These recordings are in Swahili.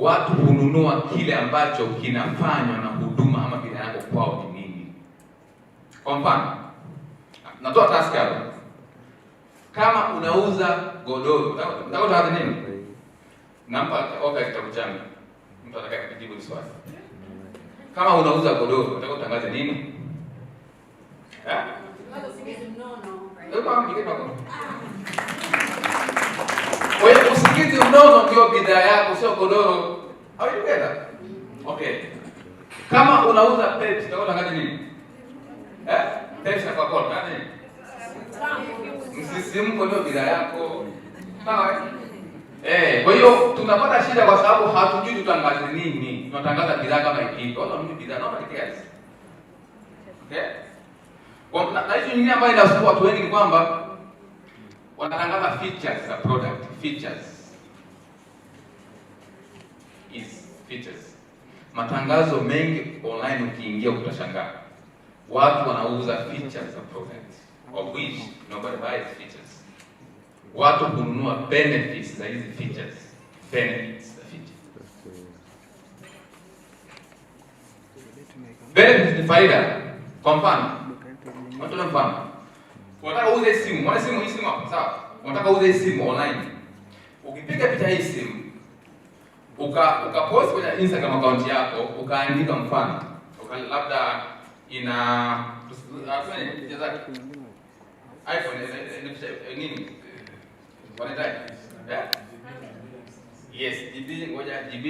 watu hununua kile ambacho kinafanywa na huduma ama bidhaa yako kwao ni nini. Kwa mfano, natoa task hapa, kama unauza godoro takotawazi nini, nampa oka kitabu changu mtu atakaye kujibu swali. Kama unauza godoro unataka utangaze nini? Eh? Kwa hiyo usikiti mnono ndio bidhaa yako, sio godoro. Hawajenda. Okay. Kama unauza Pepsi, utaona kaji nini? Eh? Pepsi na Coca-Cola nani? Msisimko ndio bidhaa yako. Sawa? Eh, kwa hiyo tunapata shida kwa sababu hatujui tutangaze nini. Tunatangaza bidhaa kama ikiitwa. Ona mimi bidhaa naomba kiasi. Okay? Kwa na hiyo nyingine ambayo inasumbua watu wengi ni kwamba wanatangaza features za product. Features is features. Matangazo mengi online ukiingia utashangaa, watu wanauza features za product of which nobody buys features. Watu hununua benefits za hizi features, benefits za features. Benefits ni faida. Kwa mfano, watu na mfano Unataka uuze hii simu, mwana simu hii simu hapa, sawa? Unataka uuze simu online. Ukipiga picha hii simu uka ukapost kwenye Instagram account yako, ukaandika mfano, uka labda ina afanye iPhone eh, eh, ina eh, nini? Yes, GB ngoja GB.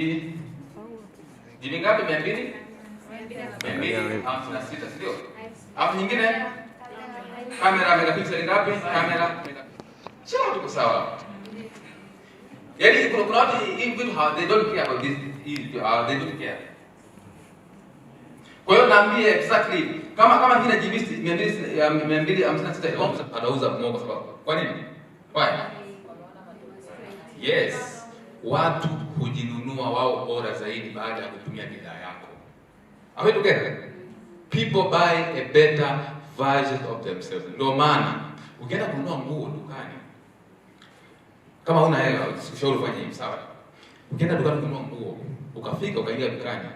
nyingine? kamera amenapicha ngapi? Kamera sio, tuko sawa. Yani kuna kuna watu hii vitu they don't care about this hii uh, they don't care. Kwa hiyo naambie exactly kama kama ngine jibisti 256 homes anauza mwongo sababu. Kwa nini? Why? Yes. Watu hujinunua wao bora zaidi baada ya kutumia bidhaa yako. Are we together? People buy a better Version of themselves. Ndio maana ukienda kununua nguo dukani, kama una hela ushauri ufanye hivi, sawa? Ukienda dukani kununua nguo, ukafika ukaingia dukani,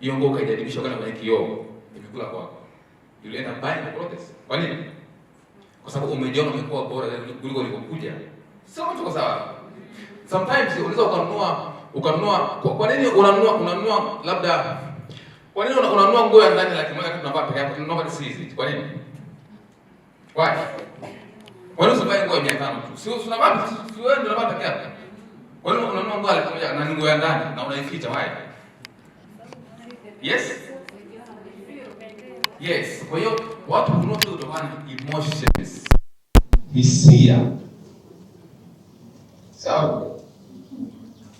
hiyo nguo ukajaribisha kana kwenye kioo, imekula kwako, you end up buying the clothes. Kwa nini? Kwa sababu umejiona umekuwa bora kuliko ulivyokuja. Sio mtu kwa sababu Sometimes unaweza ukanunua ukanunua, kwa nini unanunua unanunua labda kwa nini unanunua nguo ya ndani laki moja tunavaa peke yako? Tunaomba ni hizi. Kwa nini? Kwa nini? Kwa nini usivae nguo ya mia tano tu? Si unavaa si wewe ndio unavaa peke yako. Kwa nini unanunua nguo laki moja na nguo ya ndani na unaificha wapi? Yes? Yes. Kwa hiyo watu hununua tu kutokana emotions. Hisia. Sawa? So,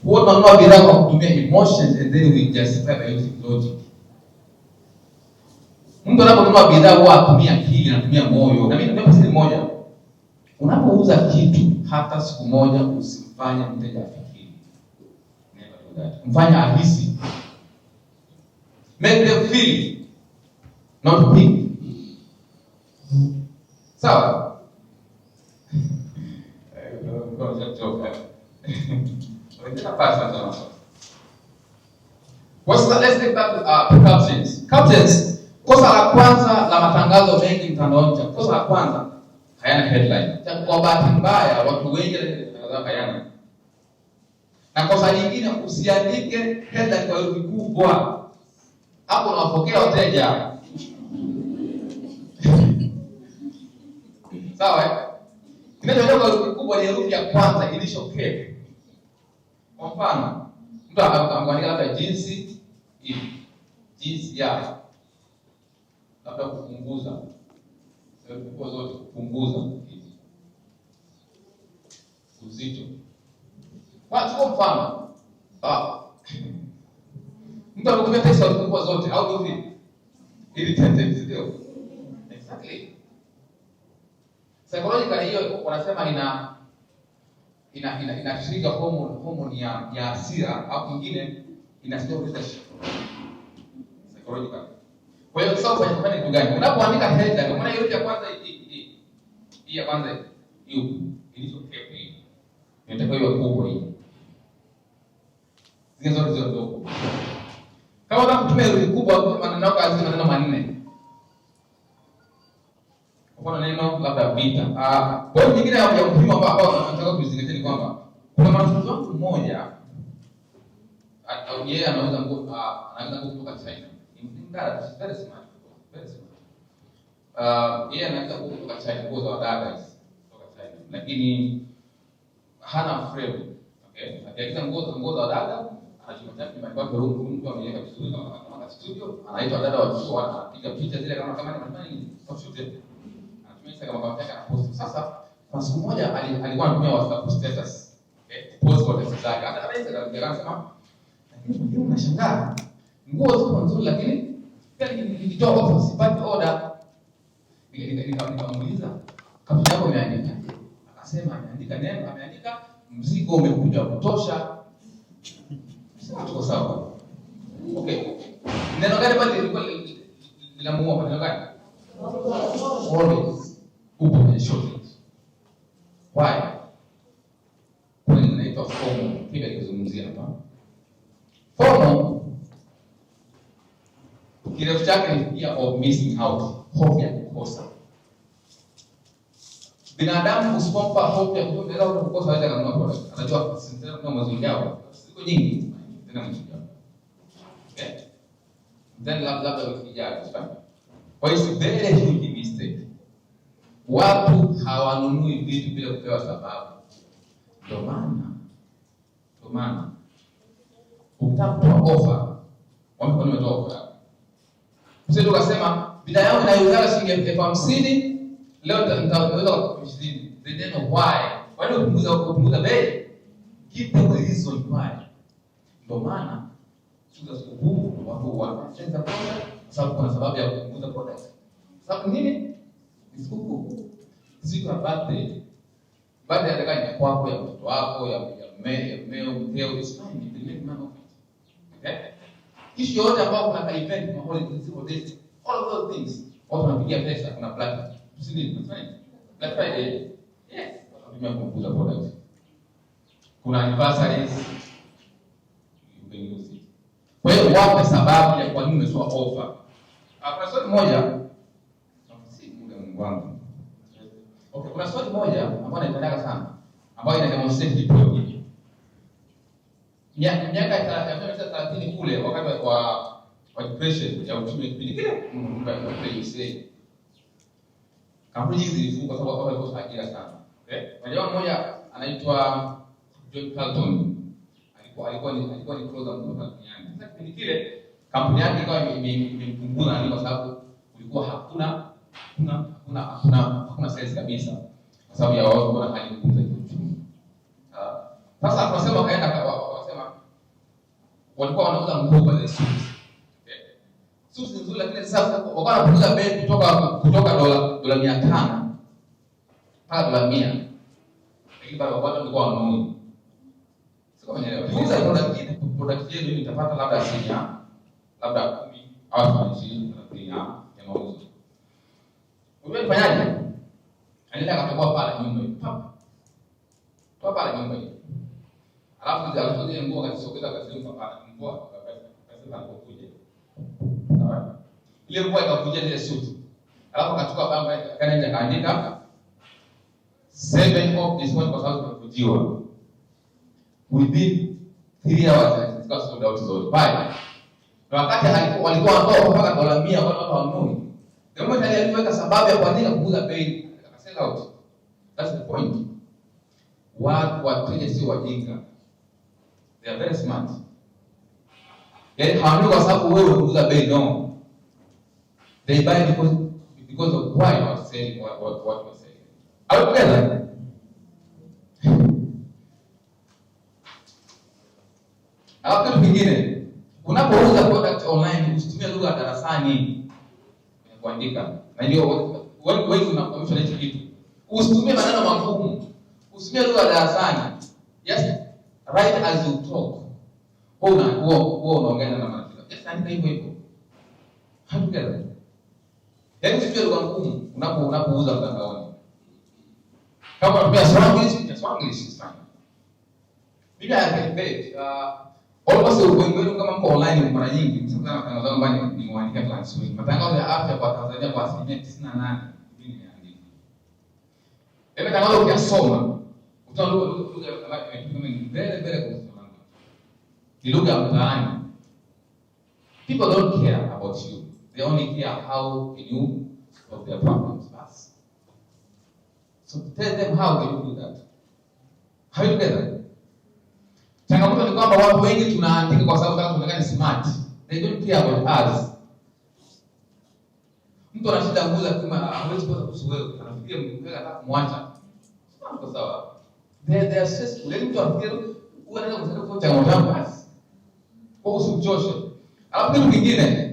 huwa tunanunua bidhaa kwa kutumia emotions and then we justify by using logic. Mtu anaponunua bidhaa huwa atumia akili, anatumia moyo. Na mimi ndio siri moja. Unapouza kitu hata siku moja usifanye mteja afikiri. Never do that. Mfanya ahisi. Make them feel not think. Sawa? What's the, let's take back to uh, captains. Captains Kosa la kwanza la matangazo mengi mtandaoni, cha kosa la kwanza hayana headline. Kwa bahati mbaya, watu wengi wanatangaza hayana. Na kosa lingine, usiandike headline kwa herufi kubwa, hapo unawapokea wateja sawa. Eh, kinachoandikwa kwa herufi kubwa ni herufi ya kwanza ilishokee. Kwa mfano, mtu akaandika labda jinsi jinsi ya labda kupunguza sehemu kubwa zote, kupunguza hizi uzito. Kwa mfano sawa, mtu anatumia tesi za kubwa zote au hivi ili tete sio exactly psychologically, hiyo wanasema ina ina ina inashirika hormone hormone ya ya hasira au nyingine ina inasaidia kuleta psychological kwa hiyo sasa ufanye kufanya kitu gani? Unapoandika header kwa maana yote ya kwanza hii hii. Hii ya kwanza hiyo ilizo kwa hiyo. Inatakiwa iwe kubwa hii. Zile zote zote ndogo. Kama unataka kutumia herufi kubwa kwa maneno yako lazima maneno manne. Kwa neno labda vita. Ah, ah, kwa hiyo nyingine ya kupima hapa hapa unataka kuzingatia ni kwamba kuna mwanafunzi wangu mmoja ah, yeye anaweza ah, anaweza kutoka China embarrassed, very smart, very smart. Uh, yeye anaweza kutoka China kwa za wadada hizi kutoka China, lakini hana frame. Okay, akiagiza nguo nguo za wadada anachukua tena nyumbani huko mtu ameweka vizuri kama kama studio, anaita wadada wa chuo, anapiga picha zile kama kama anafanya nini, photoshoot, anatumia Instagram kwa kaka post. Sasa kwa siku moja alikuwa anatumia WhatsApp status, okay, post kwa status zake, hata Instagram ndio anasema, nguo ziko nzuri, lakini pia nikitoa hapo sipati order. Nikamuuliza kazi yako imeandika, akasema ameandika neno, ameandika mzigo umekuja kutosha. Sasa tuko sawa, okay. Neno gani bali lilikuwa linamuua neno gani? Always upo kwenye shortage. Why? Kuna inaitwa fomo, kile kizungumzia hapa fomo kirefu chake ni fear of missing out, hofu ya kukosa. Binadamu usipompa hofu ya kukosa, kukosa hawezi kununua kwa Anajua sitana mazingira yao siku nyingi tena mshika. Okay? Then labda labda ukija sawa. Kwa hiyo very huge mistake. Watu hawanunui vitu bila kupewa sababu. Ndio maana ndio maana ukitaka kutoa ofa, wamekuwa ni watoa ofa Mzee ndio akasema bidhaa yangu naiuza shilingi elfu hamsini leo nitaweza kukushirini. The name of why. Wale upunguza kupunguza bei. Give the reason why. Ndio maana siku za sikukuu watu wanachenza pesa kwa sababu kuna sababu ya kupunguza product. Sababu nini? Ni sikukuu. Siku ya birthday. Birthday anataka ni kwako ya mtoto wako ya mmeo mmeo mteo is fine. The name of it. Okay? issue yote ambayo kuna ka event na holiday ziko date, all of those things watu wanapigia pesa, kuna plan usini right. Black Friday, yes, wanatumia kuuza product, kuna anniversaries you Kwa hiyo wape sababu ya kwa nini umetoa offer. Ah, kuna swali moja si muda Mungu wangu. Okay, kuna swali moja ambayo naipendaga sana ambayo ina demonstrate hiyo miaka thelathini kule wakati wa depression ya uchumi, kipindi kile kampuni hizi zilifungwa kwa sababu walikosa ajira sana. Mmoja mmoja anaitwa John Carlton alikuwa alikuwa ni alikuwa ni closer mkubwa duniani. Sasa kipindi kile kampuni yake ikawa imepungua, ni kwa sababu kulikuwa hakuna hakuna hakuna hakuna hakuna sales kabisa, kwa sababu ya wao kuna hali ngumu za kiuchumi. Ah, sasa tunasema kaenda walikuwa wanauza nguo kwa suits. Okay. Suits nzuri lakini sasa walikuwa wanapunguza bei kutoka kutoka dola dola 500 mpaka dola 100. Lakini bado watu walikuwa wanunua. Sio kama nielewa. Kuuza dola yetu product yetu nitapata labda asilimia labda 10 au 20 30 ya mauzo. Wewe fanyaje? Anaenda akatoboa pale nyumba hiyo. Papa. Papa nyumba hiyo. Alafu ndio alipo zile nguo akazisogeza akazilipa pala nguo akasema hakukuja. Sawa? Ile nguo ikakuja ile suti. Alafu akachukua bamba akaenda akaandika seven of this one kwa sababu tumefujiwa. Within 3 hours alizika sold out zote. Bye. Na wakati alikuwa walikuwa ambao mpaka dola 100 kwa watu wanunui. Ndio mmoja aliyeweka sababu ya kuandika kuuza bei akasell out. That's the point. Watu wateja si wajinga. They are very smart. Yaani hawaamini kwa sababu wewe unauza bei no. They buy because because of why you are saying what what, what you are saying. Are we together? Alafu kitu kingine, unapouza product online usitumie lugha darasani kuandika. Na ndio wengi wengi tunakwamishwa hicho kitu. Usitumie maneno magumu. Usitumie lugha darasani. Yes, right as you talk, huwa unaongea na marafiki andika hivyo hivyo, hatugera yaani sio lugha ngumu unapo unapouza mtandaoni, kama unapea Swahili ya Swahili sana bila ya bet almost ulimwengu wenu kama mko online mara nyingi msikiliza matangazo yangu bali ni mwanika class week matangazo ya afya kwa Tanzania kwa 98 mimi nimeandika. Ile yaani tangazo ukisoma kutoa lugha ambayo tumetumia mbele mbele kwa Uislamu ni lugha ya mtaani. People don't care about you, they only care how can you solve their problems basi. So tell them how can you do that, how you do that. Changamoto ni kwamba watu wengi tunaandika kwa sababu tunaonekana smart, they don't care about us. Mtu anashinda nguza kama ah, hawezi kuweza kusuwewe, anafikiria mtu anataka kumwacha. sawa. There are stress leo afikiri huwa anaweza kutaka kwa changamoto yangu basi. Kwa usimchoshe. Alafu kitu kingine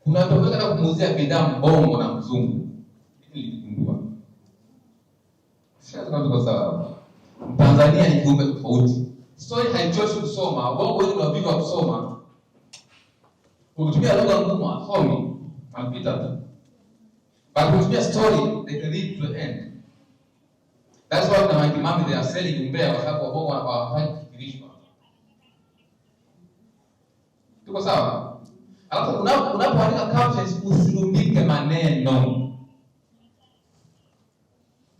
kuna watu wanataka kumuuzia bidhaa mbongo na mzungu. Niligundua. Sasa kama sawa. Tanzania ni kiumbe tofauti. Story haichoshi kusoma, bongo ni wavivu kusoma. Ukitumia lugha ngumu, hasomi, anapita tu. But ukitumia story, they can read to the end. That's why kuna maimam they are selling umbea kwa sababu wao hawafanyi kifikirisho. Tuko sawa? Alafu unapoandika captions usirumbike maneno.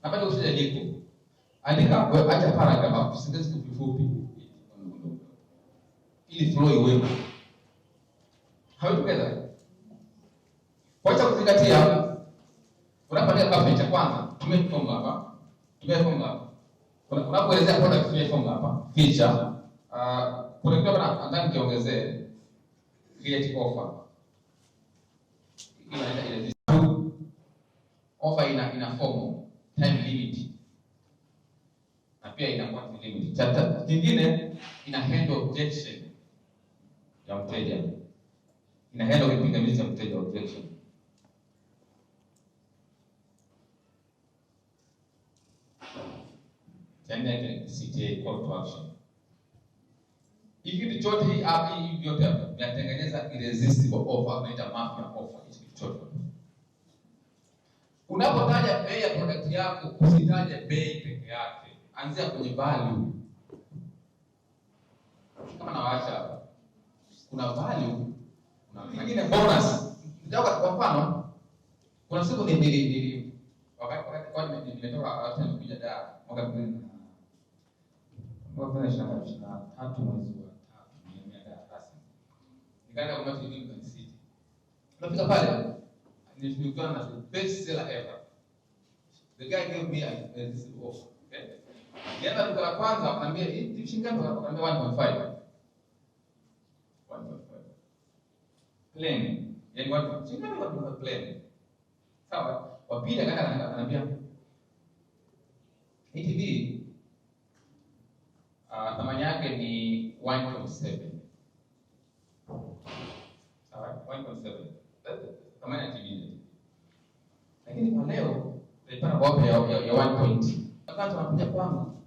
Napenda usije jiko. Andika acha paragraph hapo, sentensi fupi ili flow iwe. Hapo together. Wacha kuzingatia. Unapoandika caption cha kwanza, tumetuomba hapa. Tumefunga kuna kuelezea kwa product tumefunga hapa feature uh, kuna kitu hapa nataka nikiongezee create offer ile offer ina ina form time limit na pia ina quantity limit. Chata kingine ina handle objection ya mteja, ina handle kipingamizi cha mteja objection China CTA call to action. Hiki kitu chote hii app hii vyote hapo irresistible offer, inaita mafia offer hiki chote. Unapotaja bei ya product yako, usitaje bei peke yake. Anzia kwenye value. Kama nawaacha hapa. Kuna value, kuna nyingine bonus. Nitakupa kwa mfano. Kuna siku nili nili wakati wakati kwa nimetoka hata nikuja da mwaka Nilifanya shamba la tatu mwezi wa tatu nimeenda darasa. Nikaenda kwa mtu mwingine kwa city. Nilipika pale nilifika na best seller ever. The guy gave me a this offer. Okay? Nienda duka la kwanza akanambia hii division ngapi? Akanambia 1.5. 1.5. Plain. Yaani watu chingapi watu plain. Sawa? Wa pili akaenda ananiambia ATV uh, thamani yake ni 1.7 sawa 1.7 thamani ya TV lakini kwa leo tulipata kwa ya, ya, ya 1 point wakati wanakuja kwangu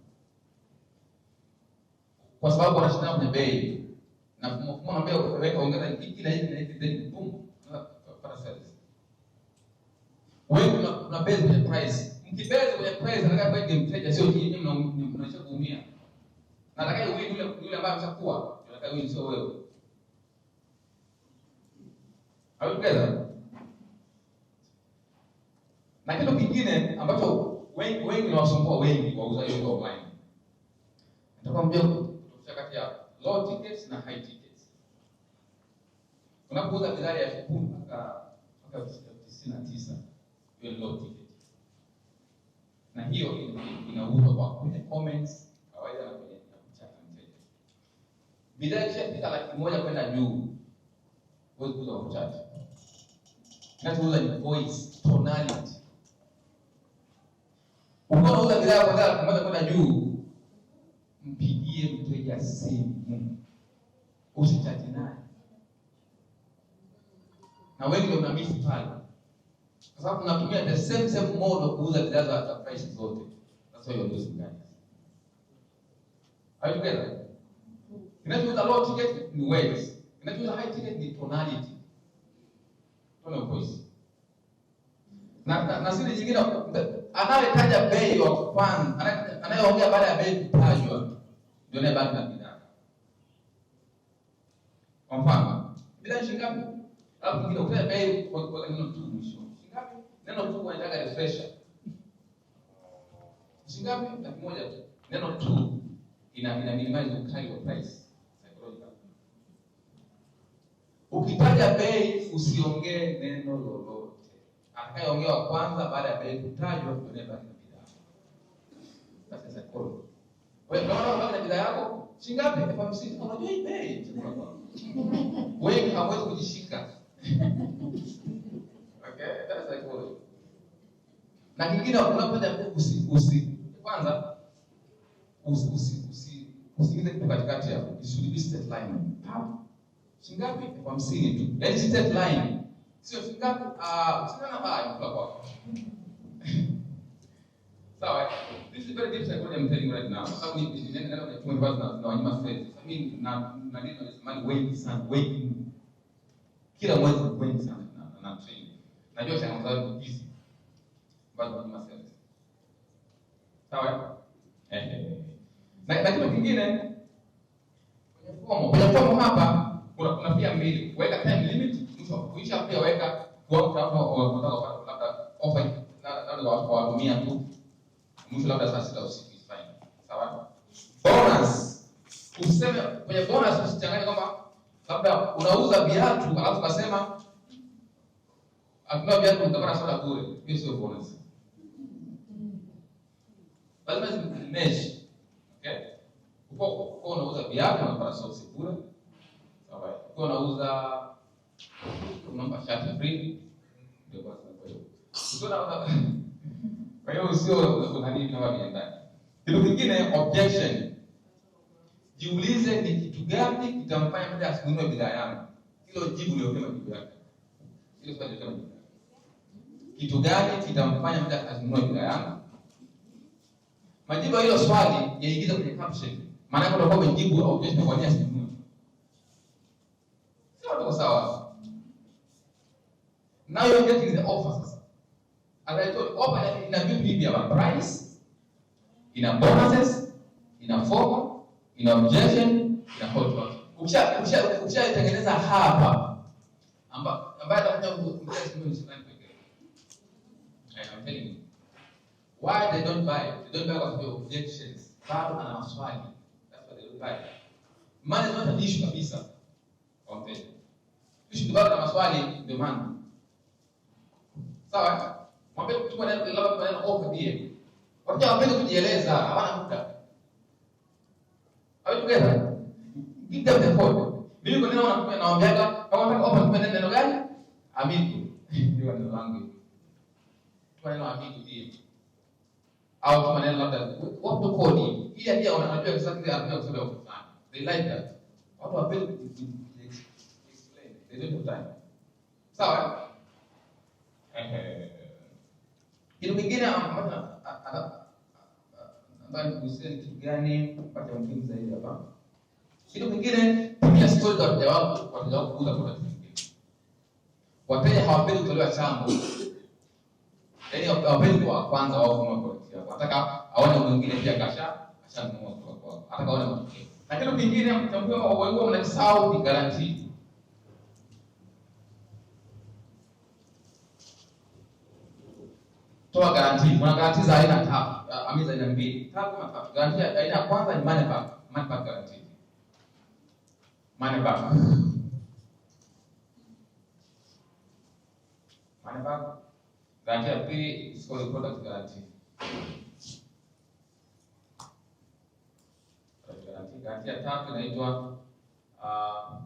kwa sababu wanashindana kwenye bei na mfumo ambao weka ongeza kila hivi na hivi then boom tunapata service wewe una base ya price mkibase kwenye price anataka kama mteja sio nyinyi mnaisha kuumia nataka uwili yule yule ambaye ameshakuwa, nataka uwili, sio wewe. Hawezi na kitu kingine ambacho wengi wengi nawasumbua wengi wauza hiyo online, nitakwambia kutofautisha kati ya low tickets na high tickets. Unapouza bidhaa ya elfu mpaka mpaka elfu tisa hiyo low ticket, na hiyo inauzwa kwa kwenye comments kawaida na bidhaa ikishafika laki moja kwenda juu huwezi kuuza kwa kuchache. Kinachouza ni voice, tonality. Ukiwa unauza bidhaa kuanzia laki moja kwenda juu, mpigie mteja simu, usichati naye. Na wengi ndio mnamisi pale, kwa sababu tunatumia the same same model kuuza bidhaa za price zote. That's why you're losing guys. Are you together? Kinachoza low ticket ni words. Kinachoza high ticket ni tonality. Tone of voice. Na na, na siri nyingine anayetaja bei wa kupanda, anayeongea baada ya bei kutajwa ndio naye baki na bidhaa. Kwa mfano, bila shingapi? Alafu kingine ukifanya bei kwa kwa neno tu mwisho. Shingapi? Neno tu wanataka refresher. Shingapi? Laki moja tu. Neno tu ina ina minimize ukali wa price. Ukitaja bei usiongee neno lolote. Atakayeongea wa kwanza baada ya bei kutajwa unaenda na bidhaa. Sasa wewe unaona na bidhaa yako Elfu hamsini. Unajua hii bei kujishika. Okay, that's Na kingine usi usi kwanza usi usi usi kitu katikati Shingapi? Elfu hamsini tu. Yaani straight line. Sio shingapi? Ah, usina na baya kwa kwa. Sawa. This is very difficult when I'm telling right now. Sababu ni ni nenda na kwa basi na na wanyama fedha. Sasa mimi na na nini nasemani wengi sana, wengi. Kila mwezi wengi sana na na train. Najua changamoto zangu hizi. Basi na wanyama fedha. Sawa? Eh. Na kitu kingine kwenye fomo, kwenye fomo hapa kuna kuna pia mbili, weka time limit, mwisho kuisha pia weka kwa watu ambao kwa labda offer na labda kwa watumia tu mwisho labda saa sita usiku fine. sawa. Bonus useme kwenye bonus, usichanganye kama labda unauza viatu alafu kasema akuna viatu utapata soda bure. Hiyo sio bonus, lazima zimesh okay. Uko unauza viatu unapata soda bure ukiwa unauza unampa shati free, ndio basi. Kwa hiyo usio unadili kama binadamu. Kitu kingine objection. Jiulize ni kitu gani kitamfanya mtu asinunue bidhaa yangu. Hilo jibu ndio kama jibu yake. Hilo swali kama Kitu gani kitamfanya mtu asinunue bidhaa yangu? Majibu ya hilo swali yaingiza kwenye caption. Maana kwa sababu jibu objection kwa nini yote kwa sawa. Now you getting the offer sasa. Anaitwa offer ina vitu hivi hapa price, ina bonuses, ina form, ina objection, ina hot work. Ukisha ukisha ukisha itengeneza hapa amba ambaye atakuja kumtumia simu usikwani pekee. I am telling you. Why they don't buy? They don't buy kwa sababu objections. Bado ana maswali. That's why they don't buy. Mali ni issue kabisa. Kwa kisha bado na maswali ndio maana. Sawa? Mwambie mtu mwenye labda kwa neno off die. Wacha wapende kujieleza, hawana muda. Hapo together. Give them the code. Mimi kwa neno wanatumia naombeaga, kama nataka off tumia neno gani? Amini. Ndio neno langu. Kwa neno amini die. Au kwa neno labda what to code. Ile pia wanajua kisa kile anatumia kusema off. They like that. Watu wapende Hizi tutani. Sawa? Kitu kingine ambacho nadhani kuhusu kitu gani mpaka muhimu zaidi hapa. Kitu kingine tumia story za wateja wako kwa ajili ya kuuza kwa watu Wateja hawapendi kutolewa chango. Yaani hawapendi kwa kwanza wao kama kwa watu wako. aone mwingine pia kasha kashanunua kwa kwako. Nataka aone matokeo. Na kitu kingine mtambua au wewe mnasahau ni guarantee. toa garanti. Kuna garanti za aina tatu, uh, amini za aina mbili, tatu na tatu. Garanti ya aina ya kwanza ni money back, money back guarantee. Money back, money back. Garanti ya pili is product guarantee. Garanti ya tatu inaitwa uh,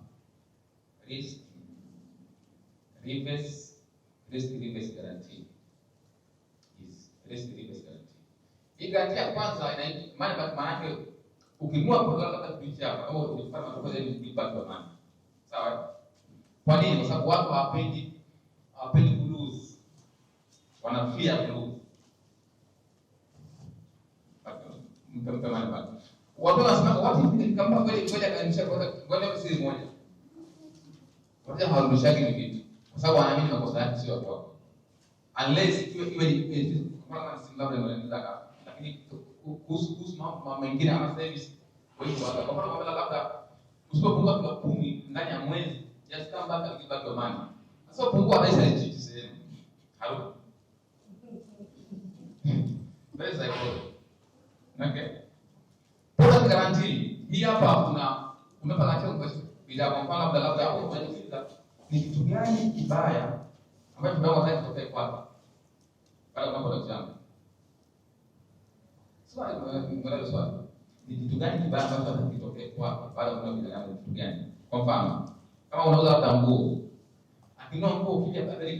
risk reverse risk reverse guarantee Grace Believers Guarantee. Hii ya kwanza maana yake ukinunua kwa kama au oh, ni Sawa? Kwa nini? Kwa sababu watu hawapendi hawapendi ku lose. Wanafia ku lose. Watu wanasema kama kweli kweli kwa moja. ni Kwa sababu wanaamini makosa yake sio watu unless iwe iwe iwe kwa sababu labda unaendelea, lakini kuhusu kuhusu mambo mengine ama service wengi wala kwa sababu labda usipopunguza kwa kumi ndani ya mwezi just come back and give your money. Sasa pungua pesa hizi sehemu. Halo. Pesa hiyo. Okay. Product guarantee hii hapa tuna umepata kwa bidhaa kwa mfano labda labda ni kitu gani kibaya ambayo tumeona tayari tutokee kwapa baada mambo ya kuzama. Swali mwanalo swali ni kitu gani kibaya ambacho hakitokee kwapa baada ya kuona kitu gani? Kwa mfano kama unauza hata nguo, akinua nguo ukija baada ya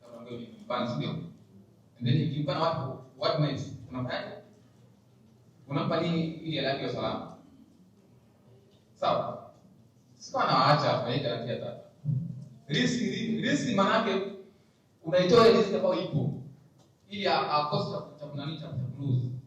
kama nguo ni mbaya sio? And then ikimpana watu what means unafanya unampa nini ili alaki salama sawa. Sikuwa nawaacha kwenye garantia tatu riski riski, maanake unaitoa ile ambayo ipo ili akose cha kunani cha kuruhusu